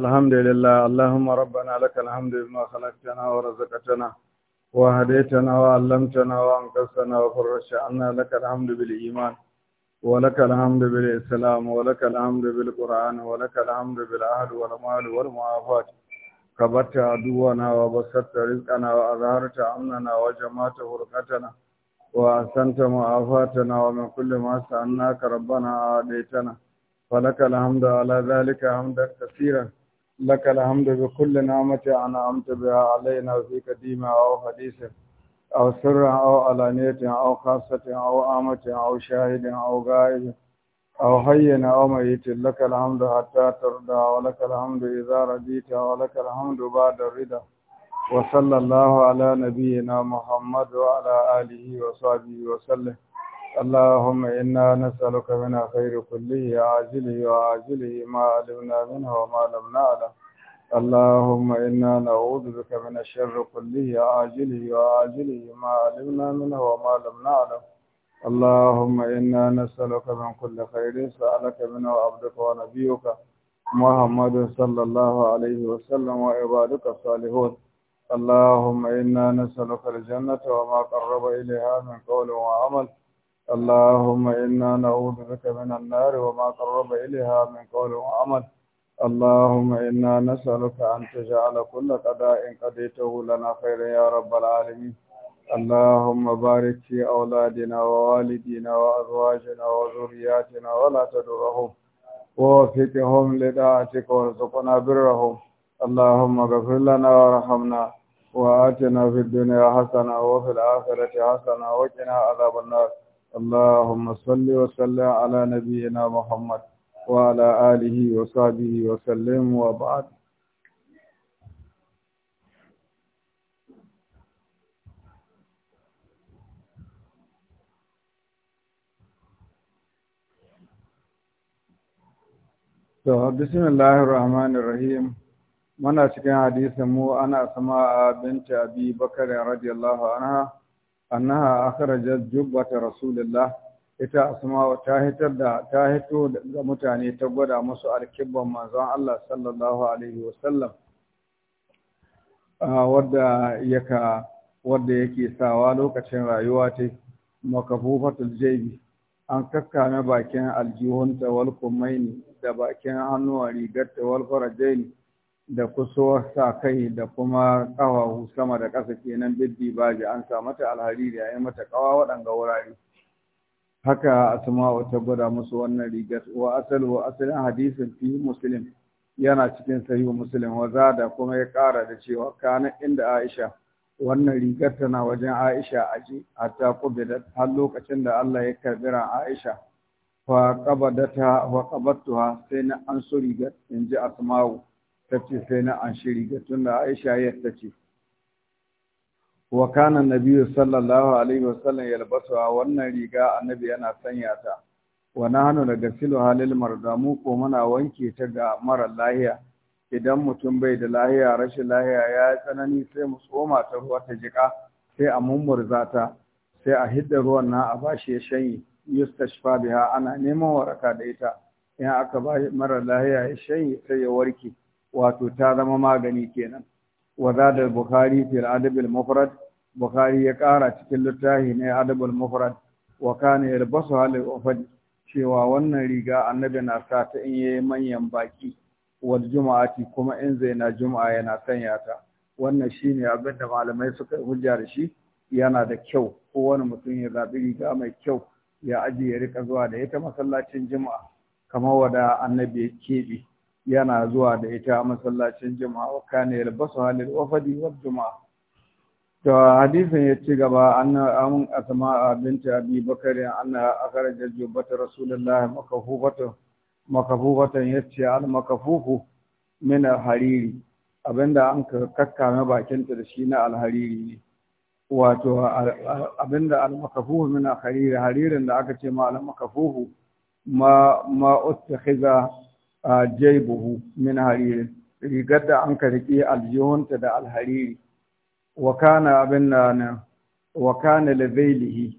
الحمد لله اللهم ربنا لك الحمد بما خلقتنا ورزقتنا وهديتنا وعلمتنا وانقذتنا وفرجت عنا لك الحمد بالإيمان ولك الحمد بالإسلام ولك الحمد بالقرآن ولك الحمد بالأهل والمال والمعافاة كبرت عدونا وبسطت رزقنا وأظهرت أمننا وجمعت فرقتنا وأحسنت معافاتنا ومن كل ما سألناك ربنا عاديتنا ولك الحمد على ذلك حمدا كثيرا لك الحمد بكل نعمة أنعمت بها علينا في قديمة أو حديثة أو سر أو علانية أو خاصة أو آمة أو شاهد أو غائب أو حينا أو ميت لك الحمد حتى ترضى ولك الحمد إذا رضيت ولك الحمد بعد الرضا وصلى الله على نبينا محمد وعلى آله وصحبه وسلم اللهم إنا نسألك من خير كله عاجله وعاجله ما علمنا منه وما لم نعلم اللهم إنا نعوذ بك من الشر كله عاجله وعاجله ما علمنا منه وما لم نعلم اللهم إنا نسألك من كل خير سألك منه عبدك ونبيك محمد صلى الله عليه وسلم وعبادك الصالحون اللهم إنا نسألك الجنة وما قرب إليها من قول وعمل اللهم إنا نعوذ بك من النار وما قرب إليها من قول وعمل اللهم إنا نسألك أن تجعل كل قضاء قضيته لنا خير يا رب العالمين اللهم بارك في أولادنا ووالدينا وأزواجنا وذرياتنا ولا تدرهم ووفقهم لطاعتك وارزقنا برهم اللهم اغفر لنا وارحمنا وآتنا في الدنيا حسنة وفي الآخرة حسنة وقنا عذاب النار اللهم صل وسلم على نبينا محمد وعلى آله وصحبه وسلم وبعد To, bismillahir rahmanir rahim muna cikin hadisin mu ana sama'a binta abi bakarin radiyallahu anha annaha akhrajat jubbata rasulillah ita asma'u ta hitar da ta hito ga mutane ta gwada musu alkibban manzon Allah sallallahu alaihi wasallam wadda yaka wadda yake sawa lokacin rayuwa ta makafufatul jaybi an kakkame bakin aljihunta wal kumaini da bakin hannuwa ta wal farajaini da kusurwar sa kai da kuma ƙawahu sama da ƙasa kenan biddi baji an sa mata alhariri a yi mata ƙawa waɗanga wurare haka asma'u ta gwada musu wannan rigar wa asalu wa asalin hadisin fi muslim yana cikin sahihu muslim wa da kuma ya ƙara da cewa kana inda aisha wannan rigar tana wajen aisha aji ta kubidat har lokacin da Allah ya karbira aisha fa qabadata wa qabattuha sai na an so rigar inji asma'u tace sai na an shiri ga tunda aisha yadda ce wa kana nabiyyu sallallahu alaihi wasallam yalbasuha wannan riga annabi yana sanya ta wa nahnu nagsilu halil mardamu ko muna wanke ta ga mara lahiya idan mutum bai da lahiya rashin lahiya ya tsanani sai mu tsoma ta ruwa ta jika sai a mummurza ta sai a hidda ruwan na a bashi ya shanye yustashfa biha ana neman waraka da ita in aka ba mara lahiya ya shanye sai ya warke wato ta zama magani kenan وزاد البخاري في mufrad Bukhari ya ƙara cikin littafi ne adabul mufrad wa kana yalbasu hal ufad cewa wannan riga annabi na sa ta in yayi manyan baki wa juma'ati kuma in zai na juma'a yana sanya ta wannan shine abin da malamai suka hujja da shi yana da kyau kowane mutum ya zaɓi riga mai kyau ya ajiye ya rika zuwa da ita masallacin juma'a kamar wada annabi ya keɓe yana zuwa da ita masallacin juma'a wa kana yalbasu halil wafadi wal juma'a to hadisin ya ci gaba an amun asma binti abi bakari anna akhrajat jubbat rasulullahi makafufatu makafufatan yace al makafufu min al hariri abinda an kakkame bakinta da shi na Al-Hariri ne wato abinda al makafufu min al hariri haririn da aka ce ma al makafufu ma ma ustakhiza jaibuhu min hariri rigar da an riƙe aljihunta da alhariri wa kana abin na wa kana lazailihi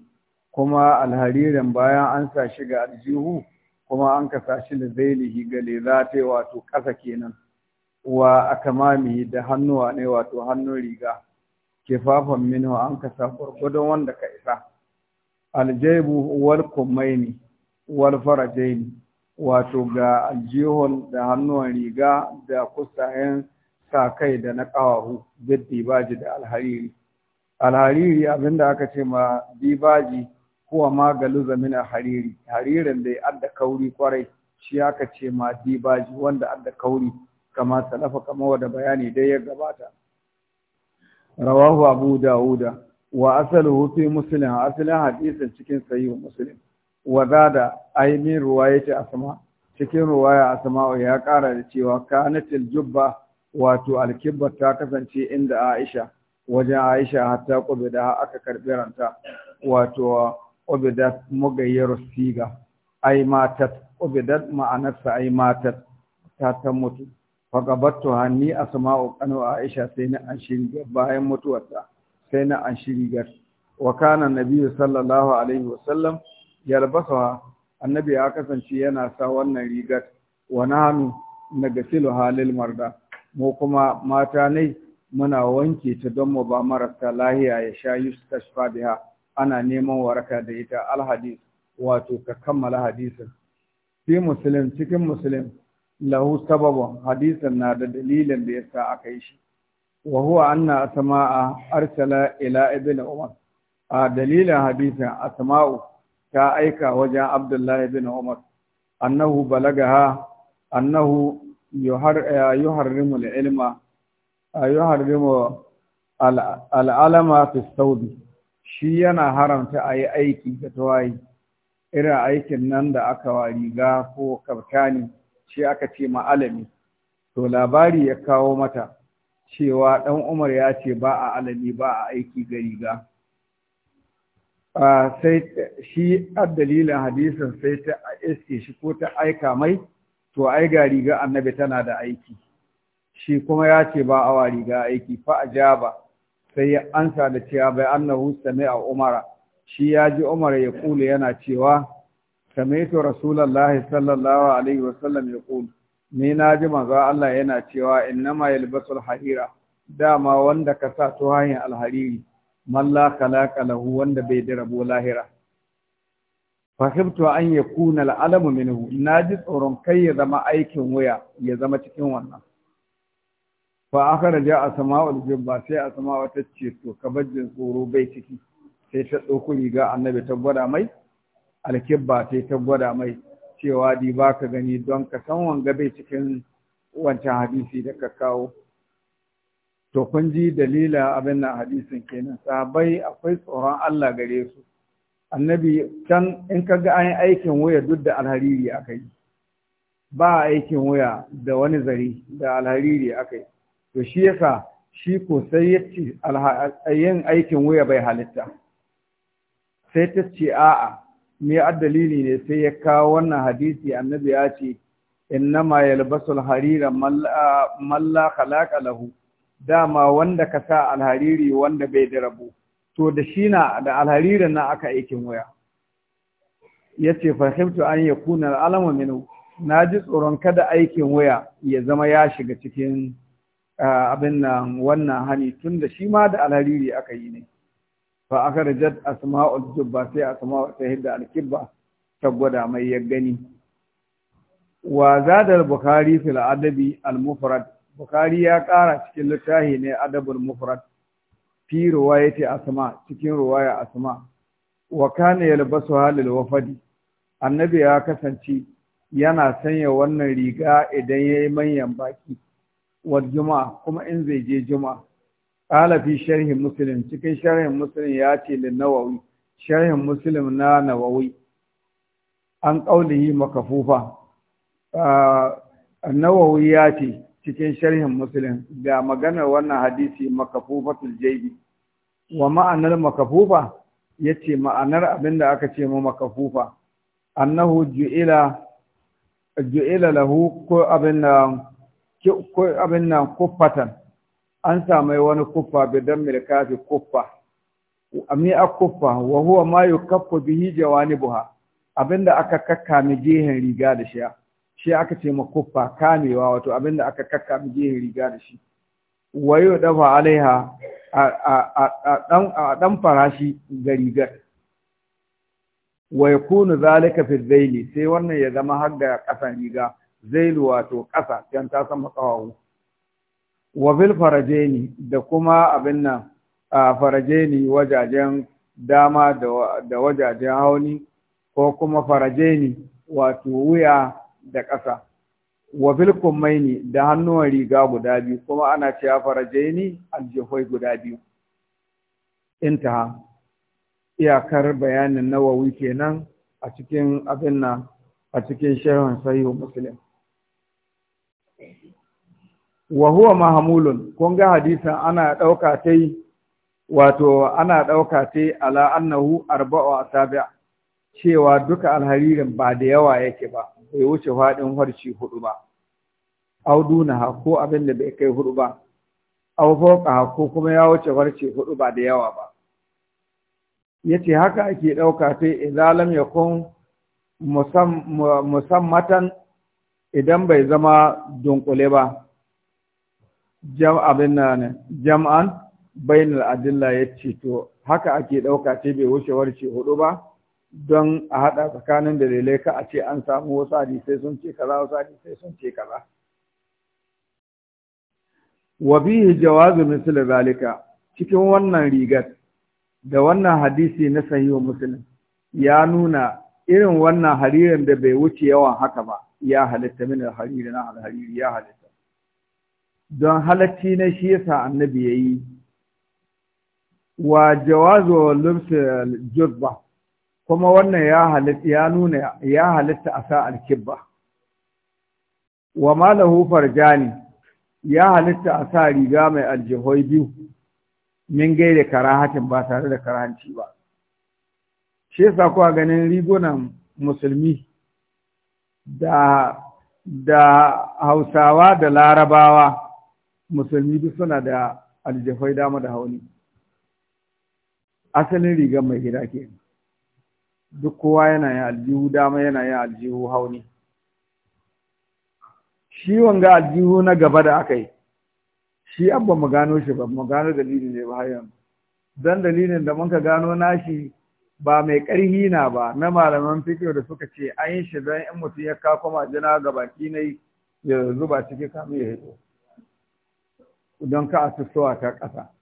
kuma alharirin bayan an sa shi ga aljihu kuma an ka sa shi lazailihi ga yi wato ƙasa kenan wa a kamami da hannuwa ne wato hannun riga Ke kifafan minu an ka sa gwargwadon wanda ka isa aljaibu wal kumaini wal farajaini wato ga aljihun da hannuwan riga da kusayen sa kai da na ƙawahu duk dibaji da alhariri alhariri abinda aka ce ma dibaji kuwa magalu zamina hariri haririn da ya adda kauri kwarai shi aka ce ma dibaji wanda adda kauri kama salafa kama wada bayani dai ya gabata rawahu abu dawuda wa asaluhu fi muslim asalin hadisin cikin sahih muslim da ruwa ya ce a sama? cikin ruwaya sama ya kara da cewa kanatil jubba wato alkibba ta kasance inda Aisha wajen Aisha hatta kubida aka karbi ranta wato ubidat mugayyar siga ai matat ubidat ma'anarsa ai matat ta ta mutu faqabattu hanni sama kanu Aisha sai na an shirya. bayan mutuwarta sai na an shirya. wa kana nabi sallallahu alaihi wasallam yalbasa annabi ya kasance yana sa wannan rigar wa nahnu nagsilu halil marda mu kuma mata ne muna wanke ta don mu ba marasa lahiya ya sha yustashfa biha ana neman waraka da ita alhadis wato ka kammala hadisin fi muslim cikin muslim lahu sababun hadisin na da dalilin da yasa aka yi shi wa huwa anna asma'a arsala ila ibn umar a dalilin hadisin asma'u ta aika wajen Abdullahi bin Umar annahu balagaha annahu eh, eh, yuharrimu al yuharrimu al'alama fi saudi shi yana haramta a yi aiki ga tawayi irin aikin nan da aka wa riga ko kaftani shi aka ce ma'alami to labari ya kawo mata cewa ɗan umar ya ce ba a alami ba a aiki ga riga sai shi dalilin hadisin sai ta iske shi ko ta aika mai to ai ga riga annabi tana da aiki shi kuma ya ce ba awa riga aiki fa ajaba sai ya ansa da cewa bai annahu sami'a umara shi ya ji umar ya kula yana cewa sami'tu rasulullahi sallallahu alaihi wasallam ya kula ni na ji manzo Allah yana cewa innama yalbasul harira dama wanda ka sa tuhayin alhariri Malla kala-kala lahu wanda bai da rabo lahira fahimtu an yakuna al'alamu minhu ji tsoron kai ya zama aikin waya ya zama cikin wannan fa asma'u al jibba sai asma'u ta ce to kabajin tsoro bai ciki sai ta ɗauko riga annabi ta gwada mai alkibba sai ta gwada mai cewa di baka gani don ka san wanga bai cikin wancan hadisi da ka kawo to kun ji dalila abin nan hadisin kenan sabai akwai tsoron Allah gare su annabi can in ka ga an aikin waya duk da alhariri akai ba aikin waya da wani zari da alhariri akai to shi yasa shi ko sai yace yin aikin waya bai halitta sai ta ce a'a me addalili ne sai ya kawo wannan hadisi annabi ya ce innama yalbasul harira malla khalaqa lahu dama wanda ka sa alhariri wanda bai da rabu to da shi na da alharirin na aka aikin waya ya ce fahimtu an ya kuna alama minu na ji tsoron kada aikin waya ya zama ya shiga cikin abin nan wannan hani tun da shi ma da alhariri aka yi ne fa aka rajat asma'ul jubba sai asma'ul sahib da alkibba ta gwada mai ya gani wa zadar bukhari fil adabi al mufrad Bukhari ya ƙara cikin littafi ne adabul mufrad fi riwayati asma cikin riwaya asma wa kana yalbasu halil wafadi annabi ya kasance yana sanya wannan riga idan yayi manyan baki wa juma'a kuma in zai je juma'a qala fi sharhi muslim cikin sharhin muslim ya ce lin nawawi sharhin muslim na nawawi an qaulihi makafufa ah, nawawi ya ce cikin sharhin muslim ga maganar wannan hadisi makafufatul jaybi wa ma'anar makafufa yace ma'anar abinda aka ce mu makafufa annahu ju'ila ju'ila lahu ko abinda ko abinda kuffatan an samu wani kuffa bi dan milkafi kuffa ami kuffa wa huwa ma yukaffu bihi jawanibuha abinda aka kakkame gehen riga da sha shi aka ce makuffa kamewa wato abinda aka kakka gehen riga da shi wayo dafa alaiha a dan farashi ga rigar wa kunu zalika fi zaili sai wannan ya zama har da ƙasan riga zailu wato ƙasa can ta sama ƙawawu wa bil farajeni da kuma abin nan farajeni wajajen dama da wajajen hauni ko kuma farajeni wato wuya da ƙasa wa mai ne da hannuwan riga guda biyu kuma ana cewa jaini aljihoi guda biyu intaha iyakar bayanin nawawi kenan a cikin abin nan a cikin shehun sahihu muslim wa huwa mahamulun kun ga hadisin ana ɗauka ta wato ana ɗauka ta ala annahu arba'u asabi cewa duka alharirin ba da yawa yake ba bai wuce faɗin harci hudu ba au ha ko abin da bai kai hudu ba au ha ko kuma ya wuce harci hudu ba da yawa ba yace haka ake ɗauka sai izalam kun musammatan idan bai zama dunkule ba abin jam'an bainal adilla ya ce to haka ake ɗauka sai bai wuce warce huɗu ba don a haɗa tsakanin dalilai ka a ce an samu wasu hadisai sun ce kaza wasu hadisai sun ce kaza wa bihi jawazu misli zalika cikin wannan rigar da wannan hadisi na sahihu muslim ya nuna irin wannan haririn da bai wuce yawan haka ba ya halitta min hariri na alhariri ya halitta don halacci na shi yasa annabi yayi wa jawazu lubs jubba kuma wannan ya nuna ya halitta a sa alkibba wa malahu farjani ya halitta a sa riga mai aljihoi biyu min gaida karahatin ba tare da karahanci ba shi yasa kuwa ganin rigunan musulmi da da hausawa da larabawa musulmi duk suna da aljihoi dama da hauni asalin rigan mai gida kenan duk kowa yana yin aljihu dama yana yin aljihu hauni shi wanga aljihu na gaba da aka yi shi abba mu gano shi ba mu gano dalilin ne ba yanzu dan dalilin da muka gano nashi ba mai ƙarhi na ba na malaman fikiyo da suka ce an yi shi don in mutum ya kako jina ga baki na ya zuba ciki kamun ya hito don ka a ta ƙasa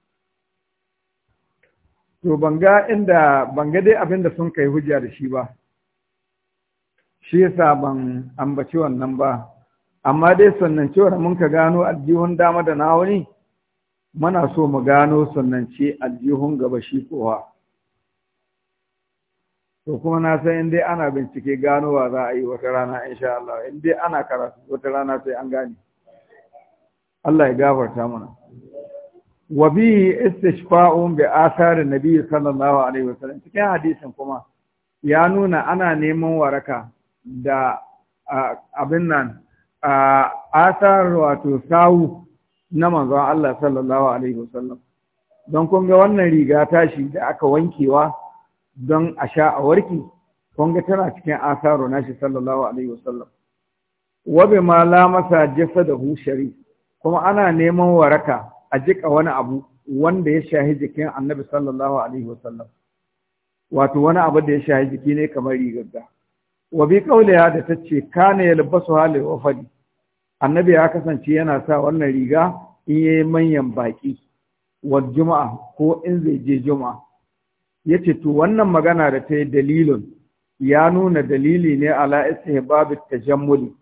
to banga inda banga dai abin da sun kai hujja da shi ba shi yasa ban ambaci wannan ba amma dai sannan cewar mun ka gano aljihun dama da na wani muna so mu gano sannan ce aljihun gaba shi kowa to kuma na san in dai ana bincike ganowa za a yi wata rana insha Allah in dai ana karatu wata rana sai an gane Allah ya gafarta mana wa bi istishfa'un bi athar nabi sallallahu alaihi wasallam cikin hadisin kuma ya nuna ana neman waraka da abin nan athar wato sawu na manzo Allah sallallahu alaihi wasallam don kun ga wannan riga tashi da aka wankewa don a sha a warki kun ga tana cikin asaro nashi sallallahu alaihi wasallam wa ma la masa jasadahu shari kuma ana neman waraka a jika wani abu wanda ya shahi jikin annabi sallallahu alaihi wasallam wato wani abu da ya shahi jiki ne kamar rigagga wa bi kauliya da ta ce kana yalbasu hali fadi annabi ya kasance yana sa wannan riga in yayi manyan baki wa juma'a ko in zai je juma'a yace to wannan magana da ta yi dalilun ya nuna dalili ne ala istihbabit tajammuli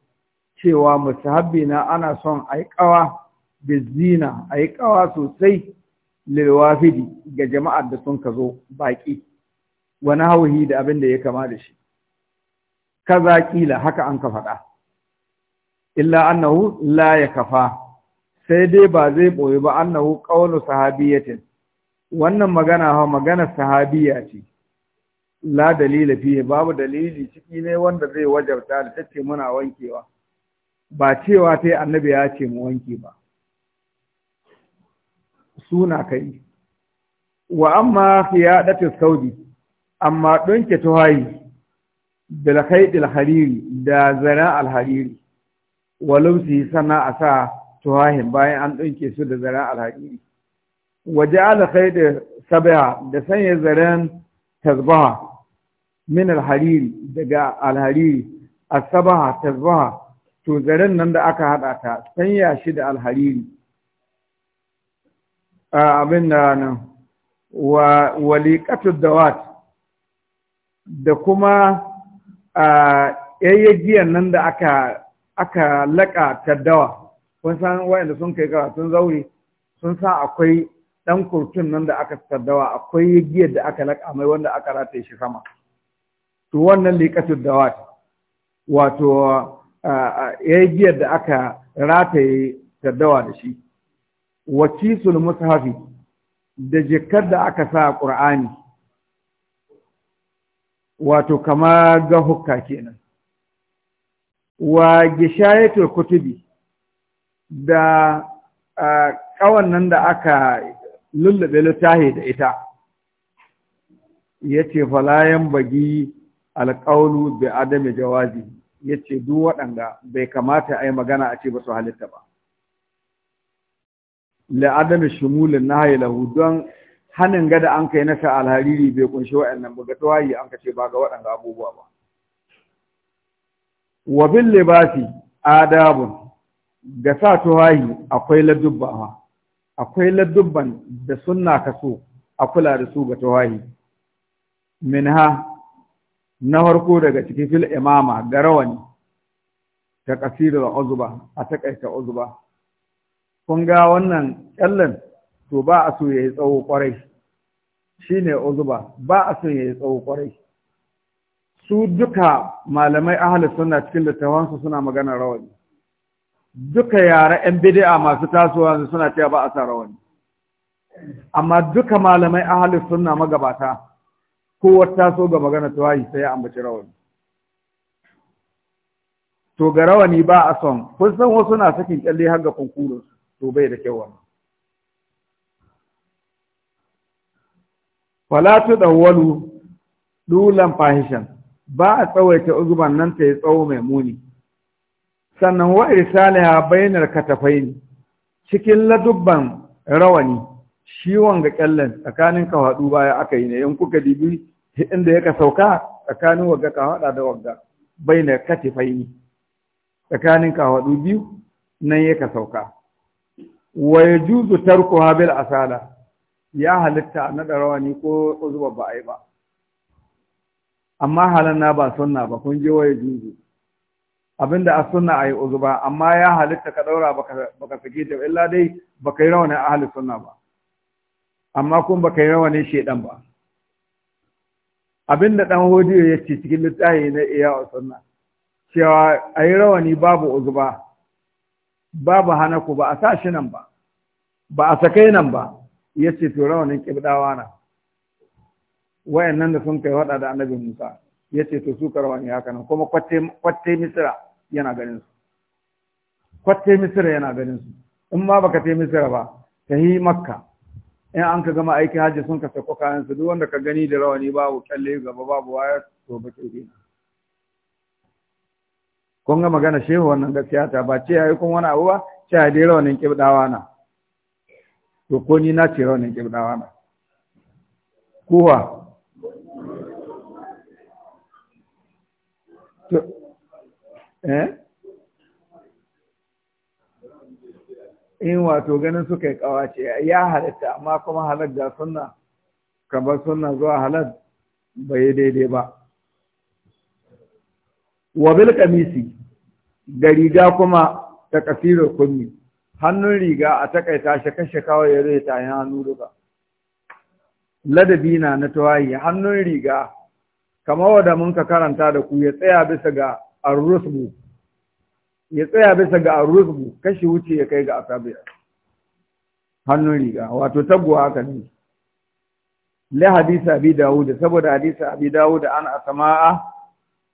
cewa musahabbi na ana son aikawa bizina a yi kawa sosai lilwafidi ga jama'ar da sun ka zo baƙi wani hauhi da abin da ya kama da shi kaza kila haka an ka faɗa illa annahu la ya kafa sai dai ba zai ɓoye ba annahu ƙaunar sahabiyyatin wannan magana maganar magana sahabiya ce la dalila fiye babu dalili ciki ne wanda zai wajabta da ta ce muna wankewa ba cewa ta annabi ya ce mu wanke ba suna kai wa amma qiyadatu saudi amma ɗonke tuhayi bil al hariri da zara al hariri lausi, sana a sa tuhahin bayan an donke su da zara al hariri waje ja'al khayd sabiha da sanya zaren tasbaha min al-Hariri daga alhariri asabaha tasbaha to zaren nan da aka hada ta sanya shi da al alhariri abin da nan wa waliqatud dawat da kuma yayyagiyan nan da aka aka ta taddawa kun san wayanda sun kai karatun zauri sun san akwai ɗan kurtun nan da aka taddawa akwai yagiyar da aka laƙa mai wanda aka rataye shi sama to wannan liƙatul dawat wato yagiyar da aka rataye taddawa da shi wakisul mushafi da jikar da aka sa qur'ani wato kama ga hukka kenan wa gishayatul kutubi da kawan nan da aka lullube littafi da ita ya yace falayan bagi alƙaunu bi adami jawazi yace duk waɗanda bai kamata a yi magana a ce ba su halitta ba la'adami shumulin nahayi lahu don hanin gada an kai na alhariri bai kunshi waɗannan ba ga tawayi an kace ba ga waɗanda abubuwa ba wa bil libasi adabun ga sa tawayi akwai ladubba akwai ladubban da sunna kaso a kula da su ga tawayi minha na farko daga cikin fil imama ga rawani ta kasirar uzba a takaita uzba kun ga wannan kyallen to ba a so ya yi tsawo kwarai shi ne uzuba ba a so ya yi tsawo kwarai su duka malamai ahalar suna cikin littattafansu suna magana rawani duka yara 'yan bidi'a masu tasowa suna cewa ba a sa rawani amma duka malamai ahalar suna magabata kowar taso ga magana tawayi sai an ambaci rawani to ga rawani ba a son kun san wasu na sakin kyalle har ga kunkurus. to bai da kyau wannan falatu dawwalu dulan fahishan ba a tsawaita uzuban nan ta yi tsawo mai muni sannan wa irsaliha bainar katafaini cikin ladubban rawani shi wanga kyallen tsakanin kawadu baya aka yi ne in kuka dibi inda yaka sauka tsakanin wagga hada da wagga bainar katafain tsakanin kawadu biyu nan yaka sauka wa yajuzu tarkuha bil asala ya halitta na darawani ko zuba ba ai ba amma halanna ba sunna ba kun je wa yajuzu abinda a sunna yi uzuba amma ya halitta ka daura baka baka sake ta illa dai baka yi rawanin ahli sunna ba amma kun baka yi rawanin shedan ba abinda dan hodiyo yace cikin littafi na iya sunna cewa ayi rawani babu uzuba babu hanaku ba a sa shi nan ba ba a sakai nan ba ya ce to rawanin kibdawa na nan da sun kai wada da annabi Musa ya ce to su karawani haka nan kuma kwatte misira yana ganin su kwatte misira yana ganin su in ma baka te misira ba ta yi makka in an ka gama aiki hajji sun ka sako kayan su duk wanda ka gani da rawani babu kyalle gaba babu waya to ba ke dina kun ga magana shehu wannan gaskiya ta ba ce yayi kun wani abu ba ce ya dai rawanin kibdawa na to ko ni na ce rawanin kibdawa na kuwa to eh in wato ganin suka yi kawace ya halatta amma kuma halatta da sunna kamar sunna zuwa halatta bai daidai ba wa bil kamisi da riga kuma ta kasirar kunni hannun riga a takaita shi kashe kawai ya zai ta hannu duka ladabi na na tawayi hannun riga kamar wanda mun ka karanta da ku ya tsaya bisa ga arrusbu ya tsaya bisa ga arrusbu kashi wuce ya kai ga asabiya hannun riga wato taguwa haka ne li hadisi abi dawud saboda hadisi abi dawud an asma'a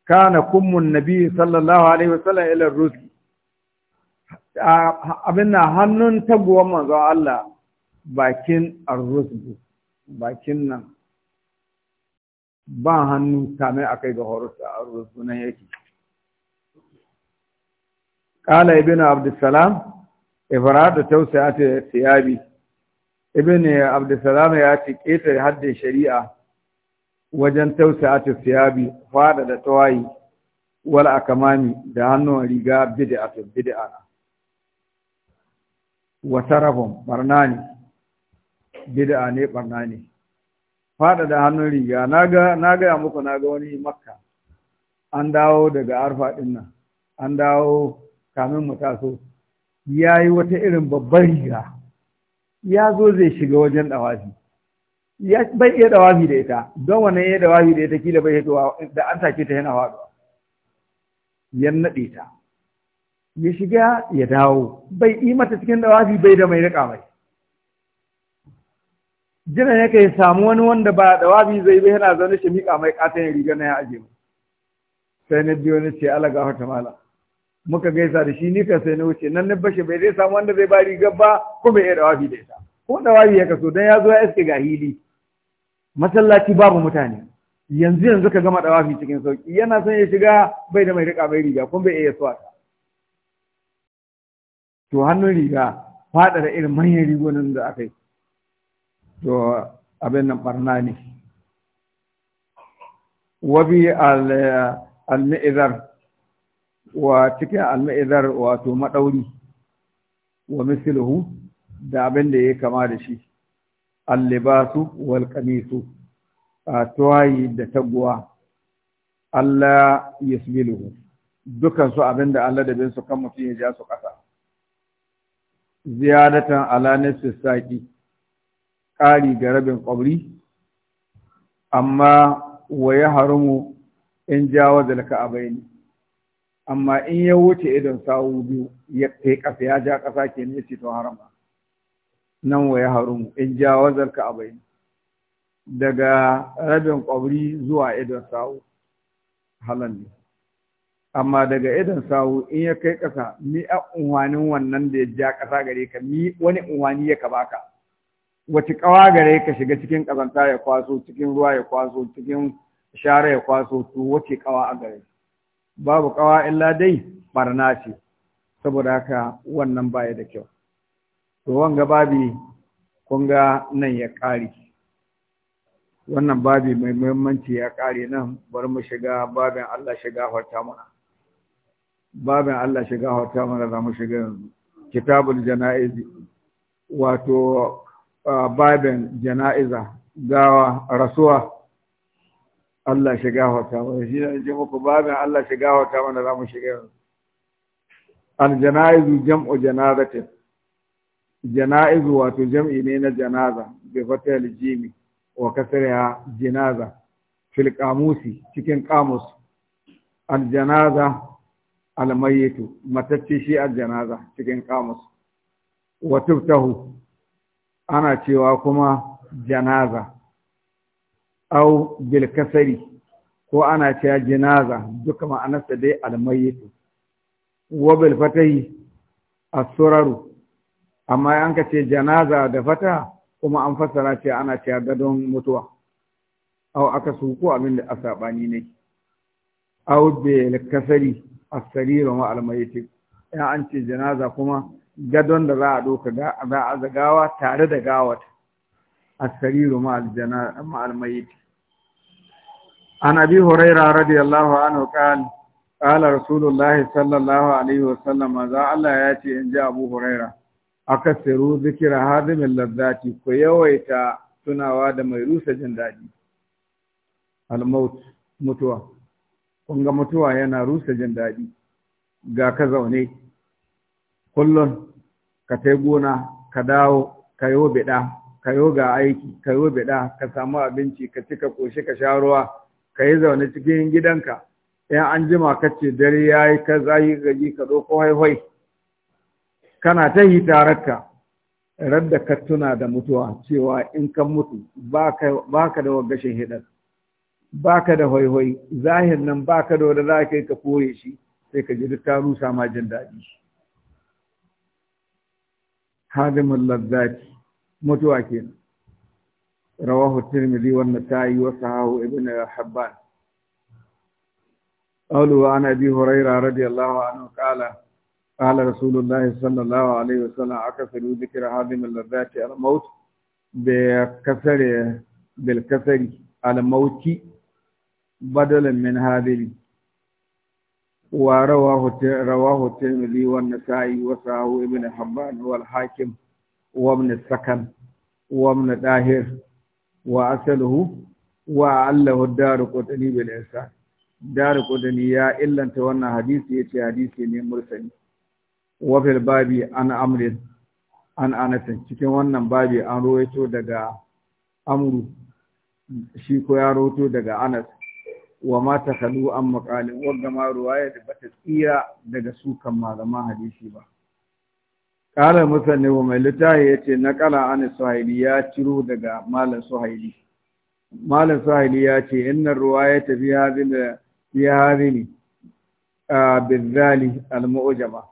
kana kummun nabi sallallahu alaihi wasallam ila ruski abin na hannun taguwar manzon Allah bakin arzusbu bakin nan ba hannun kame a kai ga horusa arzusbu nan yake Kala ibn abdussalam ibrahim tausaya ta siyabi ibn abdussalam ya ce ƙetare haddin shari'a wajen tausaya ta siyabi fada da tawayi wal akamami da hannun riga bid'a ta wa barna ne bid'a ne barna fada da hannun riga naga naga ya muku naga wani makka an dawo daga arfa din nan an dawo kamin mu taso yayi wata irin babbar riga ya zo zai shiga wajen dawafi ya bai iya dawafi da ita don wannan ya dawafi da ita kila bai hito da an take ta yana faɗuwa ya naɗe ta ya shiga ya dawo bai yi mata cikin dawafi bai da mai riƙa mai jina ya kai samu wani wanda ba dawafi zai bai yana zaune shi miƙa mai katon ya riga na ya aje mu sai na biyo ni ce ala ga ta mala muka gaisa da shi ni ka sai na wuce nan na bashi bai zai samu wanda zai ba rigar ba kuma ya dawafi da ita ko dawafi ya kaso don ya zo ya iske ga hili masallaci babu mutane yanzu yanzu ka gama dawafi cikin sauki yana son ya shiga bai da mai rika bai riga kuma bai iya suwa to hannun riga fada da irin manyan rigunan da aka yi to abin nan barna ne wabi al mizar wa cikin al mizar wato madauri wa misluhu da abin da ya kama da shi Allibasu, libasu wal qamisu tuwayi da taguwa Allah yasbiluhu dukan su abinda Allah da bin su kan mutum ya ja su kasa ziyadatan ala nafsi saki ƙari ga rabin ƙwabri amma wa ya haramu in jawo da laka abai amma in ya wuce idan sawu biyu ya kai ƙasa ya ja ƙasa ke ne ce to harama nan wa ya harumu in jawazar ka abai daga rabin kwabri zuwa idon sawu halan ne amma daga idon sawu in ya kai ƙasa ni a unwanin wannan da ya ja ƙasa gare ka mi wani unwani ya ka wace ƙawa gare ka shiga cikin kazanta ya kwaso cikin ruwa ya kwaso cikin share ya kwaso to wace ƙawa a gare babu ƙawa illa dai barna ce saboda haka wannan baya da kyau to wanga babi kun ga nan ya ƙare wannan babi mai muhimmanci ya ƙare nan bari mu shiga babin Allah shiga horta mana babin Allah shiga horta mana za mu shiga yanzu kitabul janaiz wato babin jana'iza gawa rasuwa Allah shiga horta mana shi ne ji muku babin Allah shiga horta mana za mu shiga yanzu al jana'izu jam'u janazatin jana'izu wato jam'i ne na janaza bi fatal jimi wa kasriha janaza fil qamusi cikin qamus al janaza al mayyitu matacce shi al janaza cikin qamus wa tuftahu ana cewa kuma janaza au bil kasri ko ana cewa janaza duka ma'anarsa dai al mayyitu wa bil fatahi as amma an ka ce janaza da fata kuma an fassara ce ana ce gadon mutuwa aw aka suku abin da asabani ne aw be kasari as-sarir wa al ya an ce janaza kuma gadon da za a doka za a zagawa tare da gawat as ma aljana ma al an abi hurairah radiyallahu anhu qala قال rasulullahi sallallahu alaihi wasallam za Allah ya ce in ji Abu ابو aka siru zikira hadimin lazzati ku yawaita tunawa da mai rusa jin daɗi almaut mutuwa kunga mutuwa yana rusa jin daɗi ga ka zaune kullum ka tai gona ka dawo ka yi biɗa ka yo ga aiki ka yi biɗa ka samu abinci ka ci ka ƙoshi ka sha ruwa ka yi zaune cikin gidanka Yan an jima ka ce dare ya yi ka zayi gaji ka ɗauko haihai kana ta yi tararka radda ka tuna da mutuwa cewa in kan mutu ba ka da wagashin hidar ba ka da hoihoi zahir nan ba ka da wadda za ka yi ka koye shi sai ka ji ta rusa ma jin daɗi hadimin lazzati mutuwa ke. rawahu tirmidhi wa an-nasa'i wa sahahu ibn habban qawlu ana abi hurairah radiyallahu anhu qala قال رسول الله صلى الله عليه وسلم أكثر ذكر هادم اللذات على الموت بكسر بالكسر على الموت بدلا من هادم ورواه رواه الترمذي والنسائي وسعه ابن حبان والحاكم وابن السكن وابن داهر وأسله وعله الدار قدني بالإنسان دار قدني يا إلا أنت وانا حديثي يتي حديثي من مرسلين wafil babi an amrin an anasin cikin wannan babi an roito daga amru shi ko ya roto daga anas wa ma ta kalu an makalin wadda ma ruwaya da bata tsira daga sukan malaman hadisi ba kala musanne wa mai littafi ya ce na ƙala an suhaili ya ciro daga malam suhaili malam suhaili ya ce inna ruwaya ta biya hadini bizzali al-mu'jama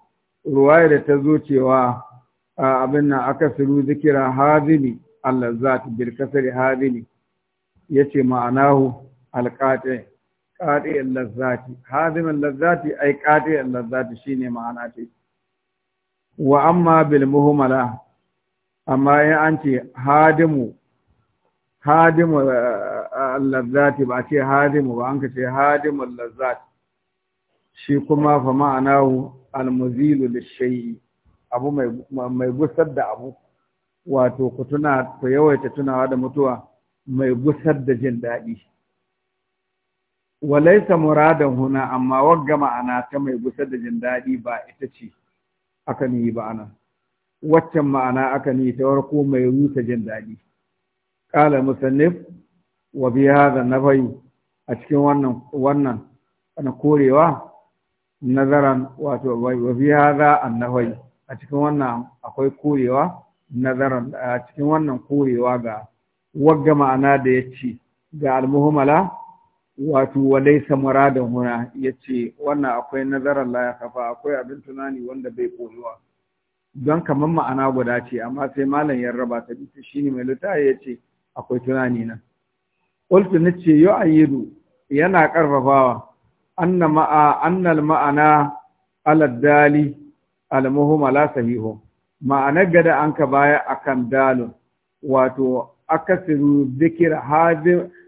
ruwaya da ta zo cewa abin nan aka suru zikira hazini Allah za ta birkasar hazili ya ce ma'anahu alƙaɗe ƙaɗiyar lazzati hazimin lazzati ai ƙaɗiyar lazzati shi ne ma'ana ce wa amma bil muhimmala amma in an ce hadimu hadimu lazzati ba ce hadimu ba an ka ce hadimu lazzati shi kuma fa ma'anahu almuzilu lishayi abu mai gusar da abu wato ku tuna ku yawaita tunawa da mutuwa mai gusar da jin daɗi walaisa muradan huna amma wagga ma'ana ta mai gusar da jin daɗi ba ita ce aka yi ba ana waccan ma'ana aka yi ta warko mai rusa jin daɗi ƙala musannif wa biya da nafayu a cikin wannan wannan na korewa nazaran wato wa fi hadha annahai a cikin wannan akwai korewa nazaran a cikin wannan korewa ga wagga ma'ana da yace ga almuhmala wato wa laysa muradan huna yace wannan akwai nazaran la kafa akwai abin tunani wanda bai koyuwa don kamar ma'ana guda ce amma sai malam ya raba ta bisa ne mai lita ce akwai tunani nan qultu a yu'ayyidu yana ƙarfafawa. anna ma'a ma'ana aladdali almuhum ala sahihu ma'anar gada an ka baya akan dalun wato akasiru zikir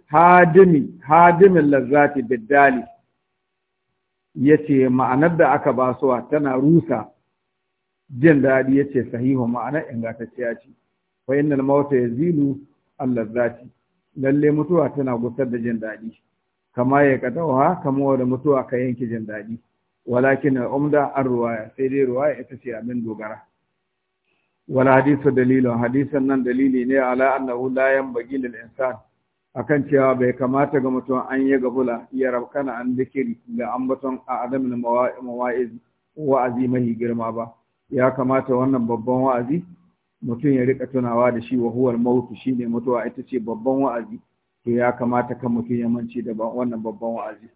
hadimi hadimin lazzati biddali yace ma'anar da aka basuwa tana rusa jin daɗi yace sahihu ma'ana ingantacciya ce fa innal mauta yazilu allazzati lalle mutuwa tana gusar da jin daɗi kama ya wa kama da mutuwa ka yanke jin daɗi walakin umda an ruwaya sai dai ruwaya ita ce abin dogara Wala hadisu dalilin hadisan nan dalili ne ala annahu la yanbaghi lil insan akan cewa bai kamata ga mutum an yi gabula ya rabkana an dikiri da ambaton a adamin mawa'iz wa'azi mai girma ba ya kamata wannan babban wa'azi mutum ya rika tunawa da shi wa huwal mautu shine mutuwa ita ce babban wa'azi to ya kamata kan mutum ya manci da wannan babban wa'azi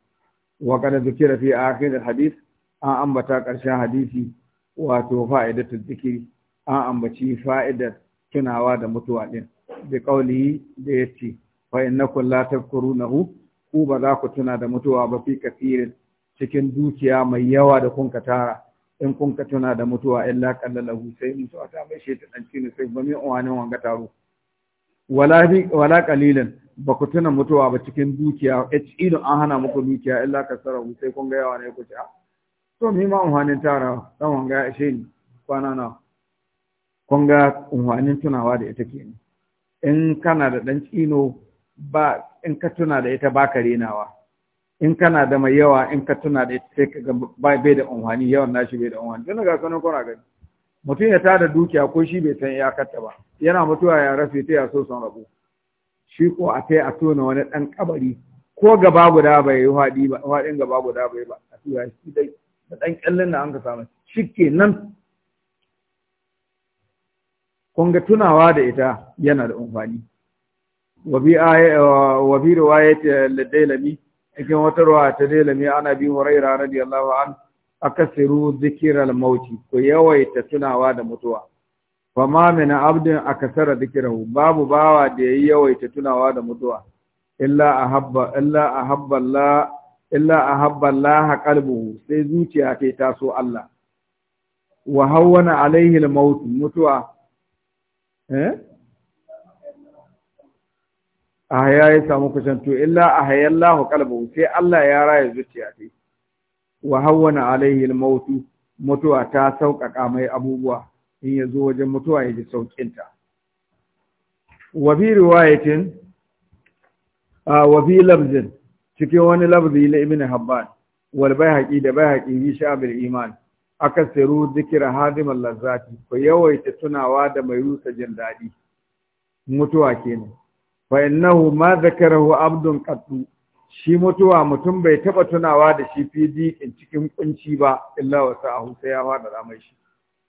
wa kada zikira fi akhir hadith an ambata ƙarshen hadisi wato fa'idatu zikiri an ambaci fa'idar tunawa da mutuwa din bi qawlihi da yace fa innakum la tadhkurunahu ku ba za ku tuna da mutuwa ba fi kafirin cikin dukiya mai yawa da kun ka tara in kun ka tuna da mutuwa illa qallalahu sai mutuwa ta mai shi ta dan sai ba mai uwanin wanga taro wala bi ba ku tuna mutuwa ba cikin dukiya eh, ido an hana muku dukiya illa ka tsara mu sai kun ga yawa ne ku ci ah, to mi ma umhanin tara dan wanga ya ni kwana na kun ga umhanin tunawa da ita kenan in kana da dan tsino ba in ka tuna da ita ba ka renawa in kana da mai yawa in ka tuna da ita sai ka ga bai da umhani yawan nashi bai da umhani tun ga kanon kuna gani mutum ya tada dukiya ko shi bai san iyakarta ba yana mutuwa ya rafe ta ya so son rabu shi ko a kai a tona wani ɗan kabari ko gaba guda bai yi haɗi ba haɗin gaba guda bai ba a tura shi dai da ɗan ƙyallin da an ka samu shi ke nan kun ga tunawa da ita yana da amfani wa bi riwayat ladailami cikin wata ruwa ta dailami ana bi huraira radiyallahu an akasiru zikiral mauti ko yawaita tunawa da mutuwa fa ma min abdin kasara dikirahu babu bawa da ya yi yawaita tunawa da mutuwa illa a illa ahabba Allah illa sai zuciya ta taso Allah wa hawwana alaihi al mutuwa eh? a haya ya samu kusantu illa ahya Allah qalbuhu sai Allah ya raya zuciya ta wa hawwana alaihi al Mautu mutuwa ta sauƙaƙa mai abubuwa in ya zo wajen mutuwa ya ji sauƙinta wa bi riwayatin A wabi cikin wani labzi na ibn habban wal haƙi da bai bayhaqi sha abin iman aka siru hadim al-lazati ko yawaita tunawa da mai rusa jin daɗi. mutuwa kenan fa innahu ma zakarahu abdun qattu shi mutuwa mutum bai taɓa tunawa da shi fi cikin kunci ba illa wa sa'ahu sai ya fada ramai shi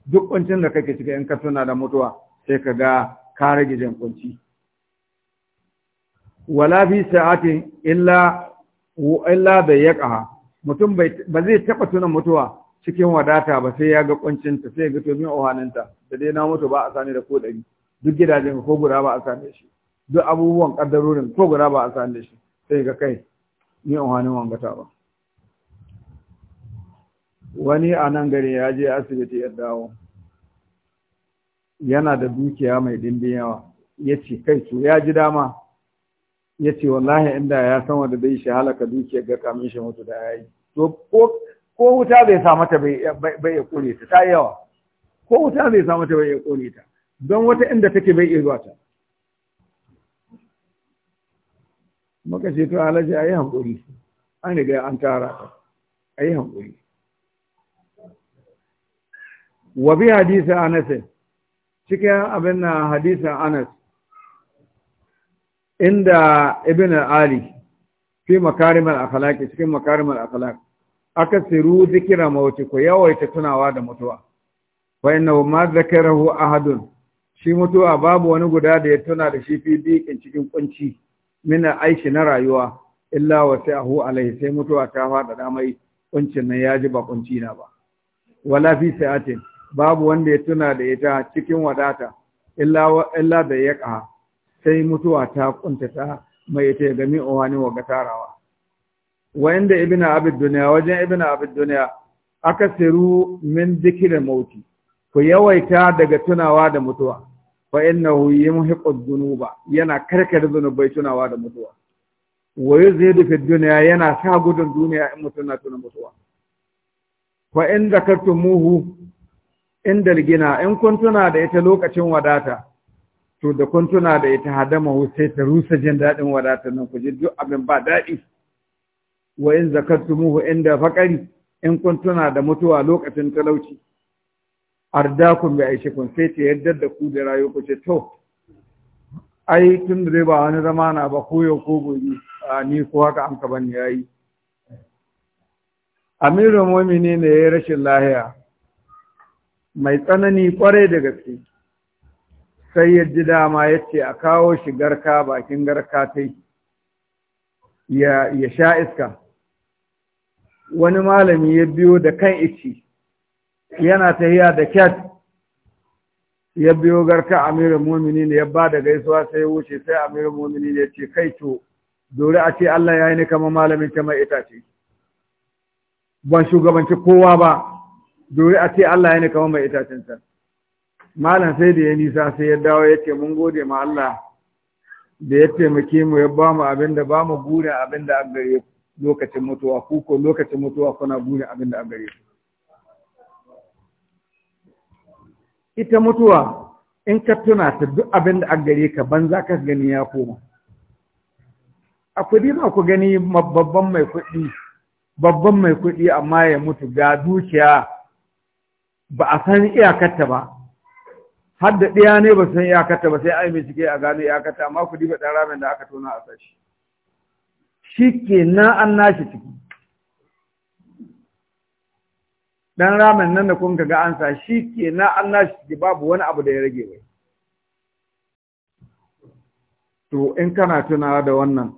duk kuncin da kake cika in ka tuna da mutuwa sai ka ga ka rage jan kunci wala fi sa'atin illa illa yaka mutum ba zai taba tuna mutuwa cikin wadata ba sai ya ga ta sai ya ga tomin ohaninta da dai na mutu ba a sani da ko ɗari duk gidajen ko guda ba a sani shi duk abubuwan kaddarorin ko guda ba a sani shi sai ga kai ni ohanin wangata ba wani a nan gari ya je asibiti ya dawo yana da dukiya mai dindin yawa ya ce kai to ya ji dama ya ce wallahi inda ya san wanda zai shi halaka dukiyar ga kamin shi mutu da yayi to ko ko wuta zai sa mata bai ya kore ta ta yawa ko wuta zai sa mata bai ya kore ta don wata inda take bai iya zuwa ta muka ce to alaji ayi hankuri an riga an tara ta ayi hankuri wa bi hadisi anas cikin abin na hadisin anas inda ibn ali fi makarimar akhlaqi cikin makarimar akhlaq aka siru zikira mawuti ko yawaita tunawa da mutuwa fa innahu ma zakarahu ahadun shi mutuwa babu wani guda da ya tuna da shi fi dikin cikin kunci mina aishi na rayuwa illa wa sa'ahu alaihi sai mutuwa ta fada da mai kuncin nan yaji ba kunci na ba wala fi sa'atin babu wanda ya tuna da ita cikin wadata illa da ya ƙa sai mutuwa ta kuntata mai ita ga mi'uwa ne wa tarawa da ibn abid duniya wajen ibn abid duniya aka siru min zikir mauti ku yawaita daga tunawa da mutuwa fa innahu yumhiqu dhunuba yana karkar bai tunawa da mutuwa wa yuzidu fi dunya yana sa gudun duniya in mutuna tuna mutuwa fa in zakartumuhu in dalgina in kun tuna da ita lokacin wadata to da kun tuna da ita hadama sai ta rusa jin daɗin wadata nan ku ji duk abin ba daɗi wa in zakartumuhu inda faqari in kun tuna da mutuwa lokacin talauci ardakum bi kun sai ta yarda da ku da rayu ku ce to ai tun da ba wani zamana ba koyo ko gobe ni ko haka an ka bani yayi amirul mu'minin ne rashin lahiya mai tsanani kwarai da gaske sai ya ji dama ya ce a kawo shi garka bakin garka ta ya sha iska wani malami ya biyo da kan ici yana tahiya da kyat ya biyo garka amirin mominin ya ba da gaisuwa sai ya wuce sai amirin mominin ya ce kai to dore a ce Allah ya yi ni kama malamin kamar itace ban shugabanci kowa ba dori a ce Allah ya ne kawo mai itacen can malam sai da ya nisa sai ya dawo ya ce mun gode ma Allah da ya taimake mu ya ba mu abin da ba mu gure abin da lokacin mutuwa Kuko lokacin mutuwa kuna gure abin da ita mutuwa in ka tuna ta duk abin da gare ka banza ka gani ya koma a kuɗi ma ku gani babban mai kuɗi babban mai kuɗi amma ya mutu ga dukiya ba a san iyakarta ba har da ɗaya ne ba san iyakarta ba sai ai mai cike a gano iyakarta amma ku diba ɗan ramin da aka tona a sashi shi ke na an nashi ciki ɗan ramin nan da kun ga an sa shi ke na an nashi ciki babu wani abu da ya rage bai to in kana tunawa da wannan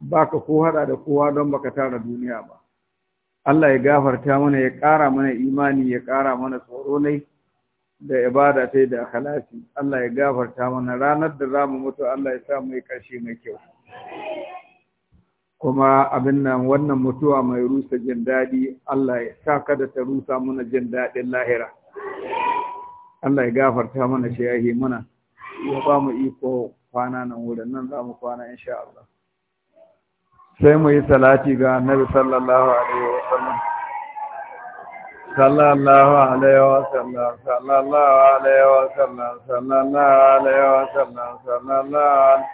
baka ko hada da kowa don baka tara duniya ba Allah ya gafarta mana ya ƙara mana imani ya ƙara mana tsoro ne da ibada ta da akhlasi Allah ya gafarta mana ranar da zamu mutu Allah ya sa mu kashi mai kyau kuma abin nan wannan mutuwa mai rusa jin daɗi Allah ya sa kada ta rusa mana jin daɗin lahira Allah ya gafarta mana shayahi mana ya ba mu iko kwana nan wurin nan zamu mu kwana insha Allah sai mu yi salati ga annabi sallallahu alaihi wa sallallahu alaihi wa sallallahu alaihi sallallahu alaihi sallallahu sallallahu alaihi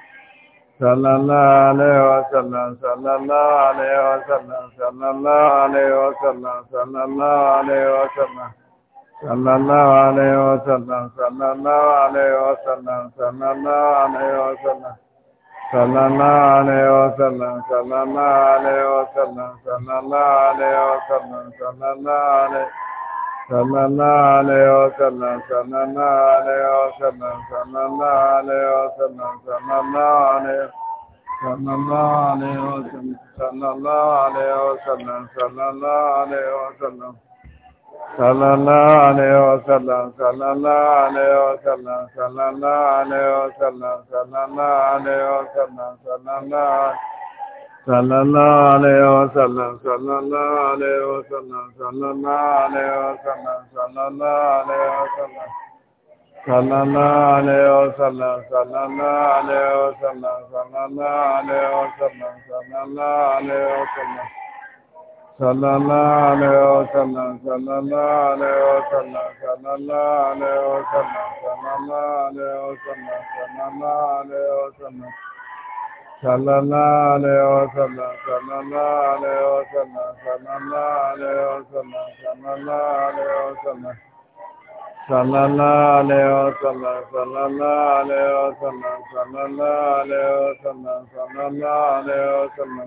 sallallahu alaihi sallallahu alaihi sallallahu alaihi sallallahu alaihi sallallahu alaihi sallallahu alaihi သမ္မာနေယောသမ္မံသမ္မာနေယောသမ္မံသမ္မာနေယောသမ္မံသမ္မာနေသမ္မာနေယောသမ္မံသမ္မာနေယောသမ္မံသမ္မာနေယောသမ္မံသမ္မာနေသမ္မာနေယောသမ္မံသမ္မာနေယောသမ္မံသမ္မာနေယောသမ္မံ sallallahu alaihi wasallam sallallahu alaihi wasallam sallallahu alaihi wasallam sallallahu alaihi wasallam sallallahu sallallahu alaihi wasallam sallallahu alaihi wasallam sallallahu alaihi wasallam sallallahu alaihi wasallam sallallahu alaihi wasallam sallallahu alaihi wasallam sallallahu alaihi wasallam sallallahu alaihi wasallam ဆလလာလေဩဆလံဆလလာလေဩဆလံဆလလာလေဩဆလံဆလလာလေဩဆလံဆလလာလေဩဆလံဆလလာလေဩဆလံဆလလာလေဩဆလံဆလလာလေဩဆလံဆလလာလေဩဆလံဆလလာလေဩဆလံဆလလာလေဩဆလံဆလလာလေဩဆလံဆလလာလေဩဆလံ